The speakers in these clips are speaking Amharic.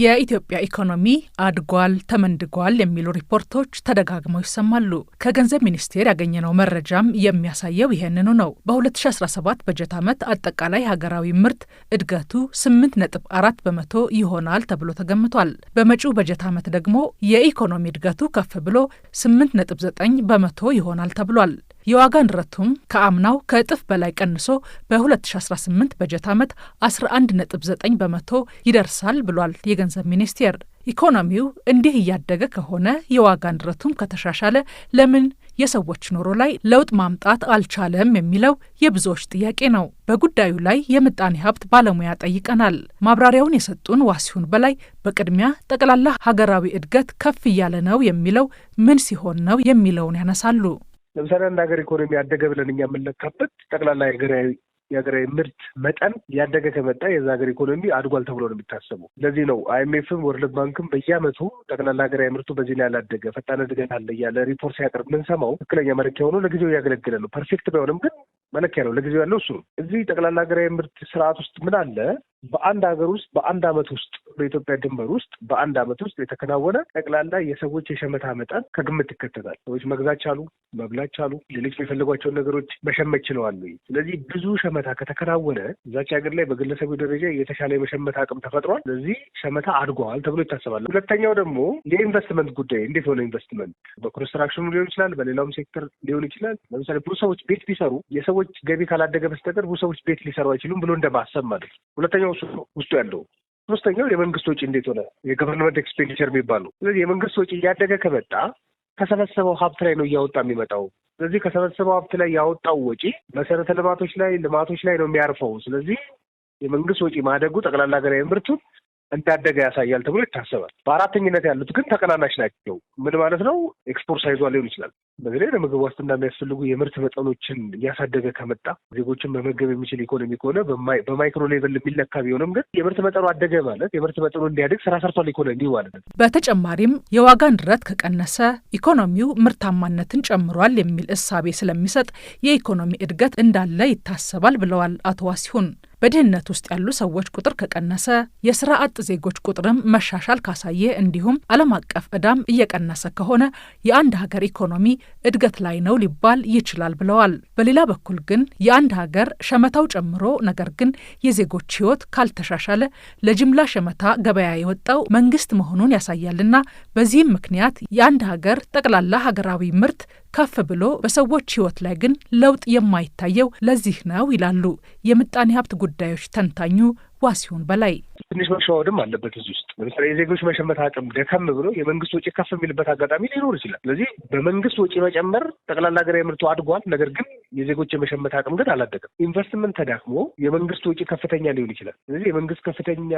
የኢትዮጵያ ኢኮኖሚ አድጓል፣ ተመንድጓል የሚሉ ሪፖርቶች ተደጋግመው ይሰማሉ። ከገንዘብ ሚኒስቴር ያገኘነው መረጃም የሚያሳየው ይህንኑ ነው። በ2017 በጀት ዓመት አጠቃላይ ሀገራዊ ምርት እድገቱ 8.4 በመቶ ይሆናል ተብሎ ተገምቷል። በመጪው በጀት ዓመት ደግሞ የኢኮኖሚ እድገቱ ከፍ ብሎ 8.9 በመቶ ይሆናል ተብሏል። የዋጋ ንረቱም ከአምናው ከእጥፍ በላይ ቀንሶ በ2018 በጀት ዓመት 11.9 በመቶ ይደርሳል ብሏል የገንዘብ ሚኒስቴር። ኢኮኖሚው እንዲህ እያደገ ከሆነ የዋጋ ንረቱም ከተሻሻለ ለምን የሰዎች ኑሮ ላይ ለውጥ ማምጣት አልቻለም የሚለው የብዙዎች ጥያቄ ነው። በጉዳዩ ላይ የምጣኔ ሀብት ባለሙያ ጠይቀናል። ማብራሪያውን የሰጡን ዋሲሁን በላይ በቅድሚያ ጠቅላላ ሀገራዊ እድገት ከፍ እያለ ነው የሚለው ምን ሲሆን ነው የሚለውን ያነሳሉ። ለምሳሌ አንድ ሀገር ኢኮኖሚ ያደገ ብለን እኛ የምንለካበት ጠቅላላ ሀገራዊ የሀገራዊ ምርት መጠን ያደገ ከመጣ የዛ ሀገር ኢኮኖሚ አድጓል ተብሎ ነው የሚታሰበው። ለዚህ ነው አይኤምኤፍም ወርልድ ባንክም በየዓመቱ ጠቅላላ ሀገራዊ ምርቱ በዚህ ላይ ያላደገ ፈጣን እድገት አለ እያለ ሪፖርት ሲያቀርብ የምንሰማው ትክክለኛ መለኪያ ሆኖ ለጊዜው እያገለገለ ነው። ፐርፌክት ባይሆንም ግን መለኪያ ነው። ለጊዜው ያለው እሱ ነው። እዚህ ጠቅላላ ሀገራዊ ምርት ስርዓት ውስጥ ምን አለ? በአንድ ሀገር ውስጥ በአንድ ዓመት ውስጥ በኢትዮጵያ ድንበር ውስጥ በአንድ ዓመት ውስጥ የተከናወነ ጠቅላላ የሰዎች የሸመታ መጠን ከግምት ይከተታል። ሰዎች መግዛት ቻሉ፣ መብላት ቻሉ፣ ሌሎች የሚፈልጓቸውን ነገሮች መሸመት ችለዋል። ስለዚህ ብዙ ሸመታ ከተከናወነ እዛች ሀገር ላይ በግለሰቡ ደረጃ የተሻለ የመሸመት አቅም ተፈጥሯል። ስለዚህ ሸመታ አድገዋል ተብሎ ይታሰባል። ሁለተኛው ደግሞ የኢንቨስትመንት ጉዳይ እንዴት ሆነ? ኢንቨስትመንት በኮንስትራክሽኑ ሊሆን ይችላል፣ በሌላውም ሴክተር ሊሆን ይችላል። ለምሳሌ ብዙ ሰዎች ቤት ቢሰሩ የሰዎች ገቢ ካላደገ በስተቀር ብዙ ሰዎች ቤት ሊሰሩ አይችሉም ብሎ እንደማሰብ ማለት ነው። ሁለተኛው ሁለተኛው ውስጡ ያለው ሶስተኛው የመንግስት ወጪ እንዴት ሆነ፣ የገቨርንመንት ኤክስፔንዲቸር የሚባለው ስለዚህ የመንግስት ወጪ እያደገ ከመጣ ከሰበሰበው ሀብት ላይ ነው እያወጣ የሚመጣው። ስለዚህ ከሰበሰበው ሀብት ላይ ያወጣው ወጪ መሰረተ ልማቶች ላይ ልማቶች ላይ ነው የሚያርፈው። ስለዚህ የመንግስት ወጪ ማደጉ ጠቅላላ ሀገራዊ ምርቱን እንዳደገ ያሳያል ተብሎ ይታሰባል። በአራተኝነት ያሉት ግን ተቀናናሽ ናቸው። ምን ማለት ነው? ኤክስፖርት ሳይዟ ሊሆን ይችላል። በተለይ ለምግብ ዋስትና የሚያስፈልጉ የምርት መጠኖችን እያሳደገ ከመጣ ዜጎችን መመገብ የሚችል ኢኮኖሚ ከሆነ በማይክሮ ሌቨል የሚለካ ቢሆንም ግን የምርት መጠኑ አደገ ማለት የምርት መጠኑ እንዲያደግ ስራ ሰርቷል ኢኮኖሚ ማለት ነው። በተጨማሪም የዋጋ ንረት ከቀነሰ ኢኮኖሚው ምርታማነትን ጨምሯል የሚል እሳቤ ስለሚሰጥ የኢኮኖሚ እድገት እንዳለ ይታሰባል ብለዋል አቶ ዋሲሁን። በድህነት ውስጥ ያሉ ሰዎች ቁጥር ከቀነሰ የስራ አጥ ዜጎች ቁጥርም መሻሻል ካሳየ እንዲሁም ዓለም አቀፍ ዕዳም እየቀነሰ ከሆነ የአንድ ሀገር ኢኮኖሚ እድገት ላይ ነው ሊባል ይችላል ብለዋል። በሌላ በኩል ግን የአንድ ሀገር ሸመታው ጨምሮ ነገር ግን የዜጎች ህይወት ካልተሻሻለ ለጅምላ ሸመታ ገበያ የወጣው መንግስት መሆኑን ያሳያልና በዚህም ምክንያት የአንድ ሀገር ጠቅላላ ሀገራዊ ምርት ከፍ ብሎ በሰዎች ህይወት ላይ ግን ለውጥ የማይታየው ለዚህ ነው ይላሉ የምጣኔ ሀብት ጉዳዮች ተንታኙ ሲሆን በላይ ትንሽ መሸዋወድም አለበት እዚህ ውስጥ ለምሳሌ የዜጎች መሸመት አቅም ደከም ብሎ የመንግስት ወጪ ከፍ የሚልበት አጋጣሚ ሊኖር ይችላል። ስለዚህ በመንግስት ወጪ መጨመር ጠቅላላ ሀገራዊ ምርቱ አድጓል፣ ነገር ግን የዜጎች የመሸመት አቅም ግን አላደገም። ኢንቨስትመንት ተዳክሞ የመንግስት ወጪ ከፍተኛ ሊሆን ይችላል። ስለዚህ የመንግስት ከፍተኛ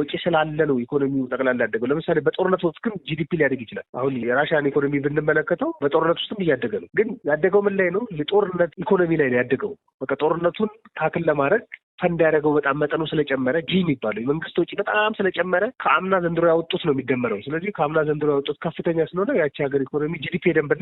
ወጪ ስላለ ነው ኢኮኖሚው ጠቅላላ ያደገው። ለምሳሌ በጦርነት ውስጥ ግን ጂዲፒ ሊያደግ ይችላል። አሁን የራሽያን ኢኮኖሚ ብንመለከተው በጦርነት ውስጥም እያደገ ነው። ግን ያደገው ምን ላይ ነው? የጦርነት ኢኮኖሚ ላይ ነው ያደገው። በቃ ጦርነቱን ታክል ለማድረግ ፈንድ ያደረገው በጣም መጠኑ ስለጨመረ ጂ የሚባለው የመንግስት ወጪ በጣም ስለጨመረ ከአምና ዘንድሮ ያወጡት ነው የሚደመረው። ስለዚህ ከአምና ዘንድሮ ያወጡት ከፍተኛ ስለሆነ ያቺ ሀገር ኢኮኖሚ ጂዲፒ ደንብ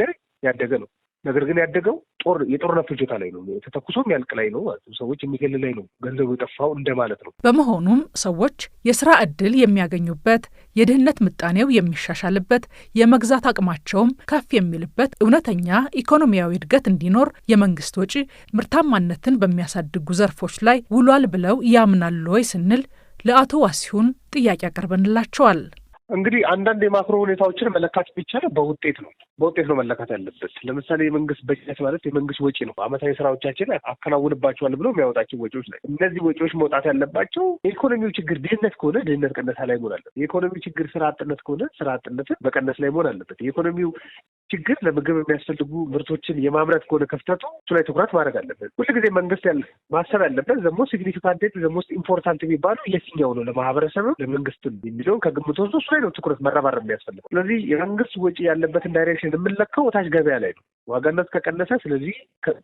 ያደገ ነው። ነገር ግን ያደገው ጦር የጦርነት ፍጆታ ላይ ነው። ተተኩሶ የሚያልቅ ላይ ነው። ሰዎች የሚገል ላይ ነው። ገንዘቡ የጠፋው እንደማለት ነው። በመሆኑም ሰዎች የስራ እድል የሚያገኙበት፣ የድህነት ምጣኔው የሚሻሻልበት፣ የመግዛት አቅማቸውም ከፍ የሚልበት፣ እውነተኛ ኢኮኖሚያዊ እድገት እንዲኖር የመንግስት ወጪ ምርታማነትን በሚያሳድጉ ዘርፎች ላይ ውሏል ብለው ያምናሉ ወይ ስንል ለአቶ ዋሲሁን ጥያቄ አቀርበንላቸዋል። እንግዲህ አንዳንድ የማክሮ ሁኔታዎችን መለካት ቢቻለ በውጤት ነው በውጤት ነው መለካት ያለበት። ለምሳሌ የመንግስት በጀት ማለት የመንግስት ወጪ ነው። አመታዊ ስራዎቻችን አከናውንባቸዋል ብሎ የሚያወጣቸው ወጪዎች ላይ እነዚህ ወጪዎች መውጣት ያለባቸው የኢኮኖሚው ችግር ድህነት ከሆነ ድህነት ቀነሳ ላይ መሆን አለበት። የኢኮኖሚው ችግር ስራ አጥነት ከሆነ ስራ አጥነትን በቀነስ ላይ መሆን አለበት። የኢኮኖሚው ችግር ለምግብ የሚያስፈልጉ ምርቶችን የማምረት ከሆነ ክፍተቱ እሱ ላይ ትኩረት ማድረግ አለበት። ሁልጊዜ መንግስት ያለ ማሰብ ያለበት ዘ ሲግኒፊካንት ዘሞስ ኢምፖርታንት የሚባሉ የትኛው ነው ለማህበረሰብ ለመንግስት የሚለውን ከግምት ወስዶ እሱ ላይ ነው ትኩረት መረባረብ የሚያስፈልገው። ስለዚህ የመንግስት ወጪ ያለበትን ዳይሬክሽን የምንለካው ታች ገበያ ላይ ነው። ዋጋነት ከቀነሰ ስለዚህ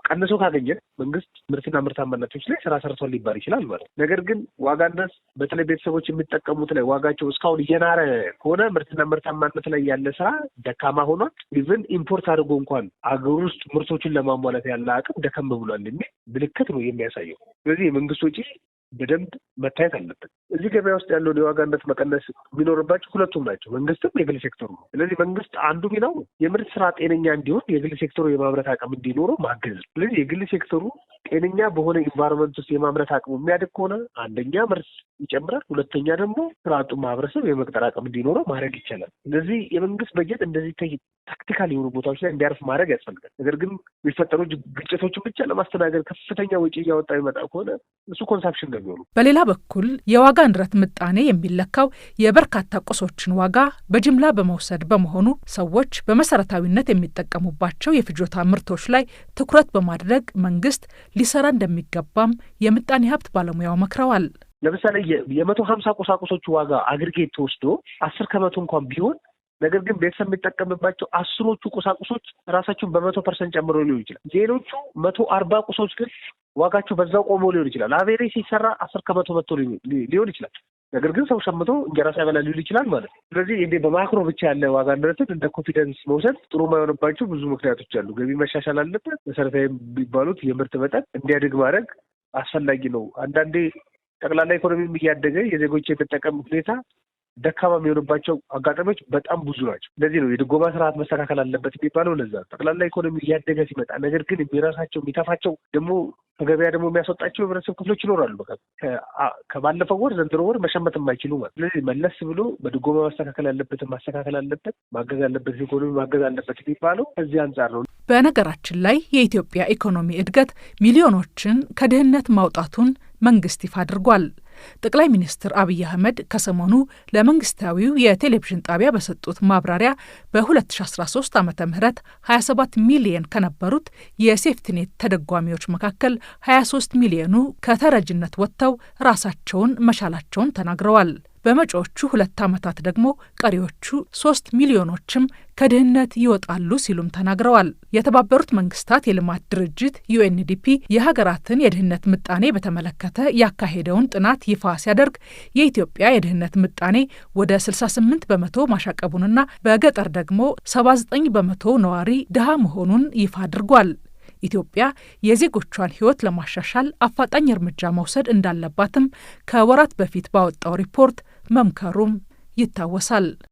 ቀንሶ ካገኘ መንግስት ምርትና ምርታማነቶች ላይ ስራ ሰርቷል ሊባል ይችላል ማለት ነው። ነገር ግን ዋጋነት በተለይ ቤተሰቦች የሚጠቀሙት ላይ ዋጋቸው እስካሁን እየናረ ከሆነ ምርትና ምርታማነት ላይ ያለ ስራ ደካማ ሆኗል። ዘንድ ኢምፖርት አድርጎ እንኳን አገር ውስጥ ምርቶችን ለማሟላት ያለ አቅም ደከም ብሏል የሚል ምልክት ነው የሚያሳየው። ስለዚህ የመንግስት ወጪ በደንብ መታየት አለበት። እዚህ ገበያ ውስጥ ያለውን የዋጋ ንረት መቀነስ የሚኖርባቸው ሁለቱም ናቸው፣ መንግስትም የግል ሴክተሩ ነው። ስለዚህ መንግስት አንዱ ሚናው የምርት ስራ ጤነኛ እንዲሆን የግል ሴክተሩ የማምረት አቅም እንዲኖረው ማገዝ ነው። ስለዚህ የግል ሴክተሩ ጤነኛ በሆነ ኢንቫይሮንመንት ውስጥ የማምረት አቅሙ የሚያድግ ከሆነ አንደኛ ምርት ይጨምራል፣ ሁለተኛ ደግሞ ስራ ማህበረሰብ የመቅጠር አቅም እንዲኖረው ማድረግ ይቻላል። ስለዚህ የመንግስት በጀት እንደዚህ ታክቲካል የሆኑ ቦታዎች ላይ እንዲያርፍ ማድረግ ያስፈልጋል። ነገር ግን የሚፈጠሩ ግጭቶችን ብቻ ለማስተናገድ ከፍተኛ ወጪ እያወጣ ይመጣ ከሆነ እሱ ኮንሳፕሽን ነው የሚሆኑ። በሌላ በኩል የዋጋ የዋጋ ንረት ምጣኔ የሚለካው የበርካታ ቁሶችን ዋጋ በጅምላ በመውሰድ በመሆኑ ሰዎች በመሰረታዊነት የሚጠቀሙባቸው የፍጆታ ምርቶች ላይ ትኩረት በማድረግ መንግስት ሊሰራ እንደሚገባም የምጣኔ ሀብት ባለሙያው መክረዋል። ለምሳሌ የመቶ ሀምሳ ቁሳቁሶች ዋጋ አግሪጌት ተወስዶ አስር ከመቶ እንኳን ቢሆን ነገር ግን ቤተሰብ የሚጠቀምባቸው አስሮቹ ቁሳቁሶች ራሳቸውን በመቶ ፐርሰንት ጨምሮ ሊሆን ይችላል። ሌሎቹ መቶ አርባ ቁሶች ግን ዋጋቸው በዛው ቆሞ ሊሆን ይችላል። አቬሬ ሲሰራ አስር ከመቶ መቶ ሊሆን ይችላል። ነገር ግን ሰው ሸምቶ እንጀራ ሳይበላ ሊሆን ይችላል ማለት ነው። ስለዚህ እንደ በማክሮ ብቻ ያለ ዋጋ ንረትን እንደ ኮንፊደንስ መውሰድ ጥሩ የማይሆንባቸው ብዙ ምክንያቶች አሉ። ገቢ መሻሻል አለበት። መሰረታዊ የሚባሉት የምርት መጠን እንዲያድግ ማድረግ አስፈላጊ ነው። አንዳንዴ ጠቅላላ ኢኮኖሚም እያደገ የዜጎች የመጠቀም ሁኔታ ደካማ የሚሆንባቸው አጋጣሚዎች በጣም ብዙ ናቸው። ለዚህ ነው የድጎማ ስርዓት መስተካከል አለበት የሚባለው። ለዛ ጠቅላላ ኢኮኖሚ እያደገ ሲመጣ ነገር ግን የሚረሳቸው የሚተፋቸው ደግሞ ከገበያ ደግሞ የሚያስወጣቸው የህብረተሰብ ክፍሎች ይኖራሉ። ከባለፈው ወር ዘንድሮ ወር መሸመት የማይችሉ ማለት ስለዚህ መለስ ብሎ በድጎማ ማስተካከል ያለበትን ማስተካከል አለበት፣ ማገዝ ያለበት ኢኮኖሚ ማገዝ አለበት የሚባለው ከዚህ አንጻር ነው። በነገራችን ላይ የኢትዮጵያ ኢኮኖሚ እድገት ሚሊዮኖችን ከድህነት ማውጣቱን መንግስት ይፋ አድርጓል። ጠቅላይ ሚኒስትር አብይ አህመድ ከሰሞኑ ለመንግስታዊው የቴሌቪዥን ጣቢያ በሰጡት ማብራሪያ በ2013 ዓ ም 27 ሚሊየን ከነበሩት የሴፍትኔት ተደጓሚዎች መካከል 23 ሚሊዮኑ ከተረጅነት ወጥተው ራሳቸውን መቻላቸውን ተናግረዋል። በመጪዎቹ ሁለት ዓመታት ደግሞ ቀሪዎቹ ሶስት ሚሊዮኖችም ከድህነት ይወጣሉ ሲሉም ተናግረዋል። የተባበሩት መንግስታት የልማት ድርጅት ዩኤንዲፒ የሀገራትን የድህነት ምጣኔ በተመለከተ ያካሄደውን ጥናት ይፋ ሲያደርግ የኢትዮጵያ የድህነት ምጣኔ ወደ 68 በመቶ ማሻቀቡንና በገጠር ደግሞ 79 በመቶ ነዋሪ ድሃ መሆኑን ይፋ አድርጓል። ኢትዮጵያ የዜጎቿን ሕይወት ለማሻሻል አፋጣኝ እርምጃ መውሰድ እንዳለባትም ከወራት በፊት ባወጣው ሪፖርት መምከሩም ይታወሳል።